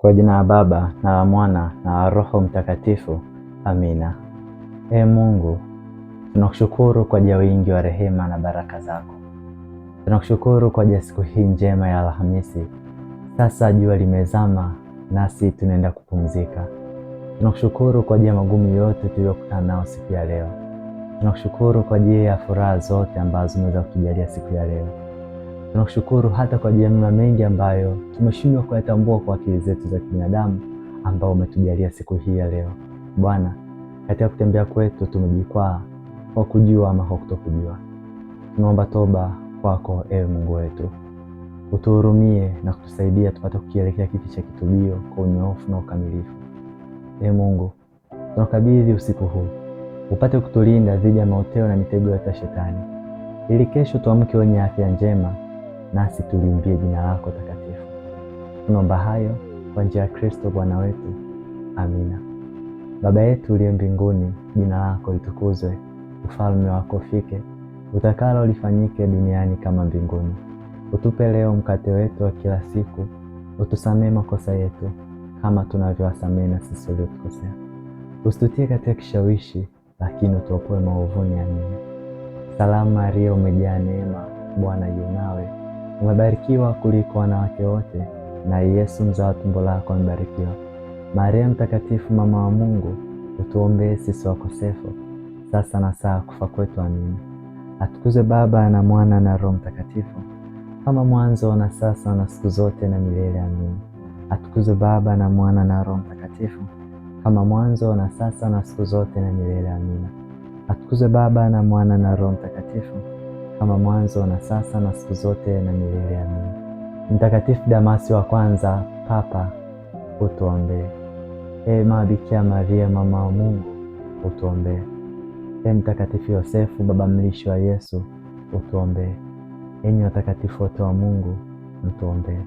Kwa jina la Baba na la Mwana na la Roho Mtakatifu. Amina. Ee Mungu, tunakushukuru kwa ajili ya wingi wa rehema na baraka zako. Tunakushukuru kwa ajili ya siku hii njema ya Alhamisi. Sasa jua limezama, nasi tunaenda kupumzika. Tunakushukuru kwa ajili ya magumu yote tuliyokutana nao siku ya leo. Tunakushukuru kwa ajili ya furaha zote ambazo umeweza kutujalia siku ya leo. Tunakushukuru hata kwa jamii mengi ambayo tumeshindwa kuyatambua kwa akili zetu za kibinadamu, ambao umetujalia siku hii ya leo. Bwana, katika kutembea kwetu tumejikwaa kwa kujua ama kwa kutokujua. Tunaomba toba kwako, ewe Mungu wetu, utuhurumie na kutusaidia tupate kukielekea kiti cha kitubio kwa unyoofu na ukamilifu. Ee Mungu, tunakabidhi usiku huu upate kutulinda dhidi ya maoteo na mitego yote ya Shetani, ili kesho tuamke wenye afya njema nasi tuliimbie jina lako takatifu. Tunaomba hayo kwa njia ya Kristo Bwana wetu, amina. Baba yetu uliye mbinguni, jina lako litukuzwe, ufalme wako ufike, utakalo lifanyike duniani kama mbinguni. Utupe leo mkate wetu wa kila siku, utusamee makosa yetu kama tunavyowasamee na sisi waliotukosea, usitutie katika kishawishi, lakini utuopoe maovuni. Amina. Salamu Maria, umejaa neema, Bwana yu nawe Umebarikiwa kuliko wanawake wote, na Yesu mzao wa tumbo lako amebarikiwa. Maria Mtakatifu, mama wa Mungu, utuombee sisi wakosefu, sasa na saa kufa kwetu. Amina. Atukuzwe Baba na Mwana na Roho Mtakatifu, kama mwanzo na sasa na siku zote na milele. Amina. Atukuzwe Baba na Mwana na Roho Mtakatifu, kama mwanzo na sasa na siku zote na milele. Amina. Atukuzwe Baba na Mwana na Roho Mtakatifu kama mwanzo na sasa na siku zote na milele. Amina. Mtakatifu Damasi wa kwanza, Papa, utuombee. Ee Bikira Maria, mama wa Mungu, utuombee. Ee Mtakatifu Yosefu, baba mlishi wa Yesu, utuombee. Enyi watakatifu wote wa Mungu, mtuombee.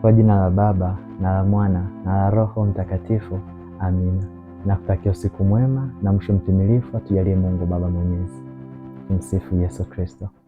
Kwa jina la Baba na la Mwana na la Roho Mtakatifu, amina. Nakutakia usiku mwema na mwisho mtimilifu atujalie Mungu Baba Mwenyezi. yes, Yesu Kristo.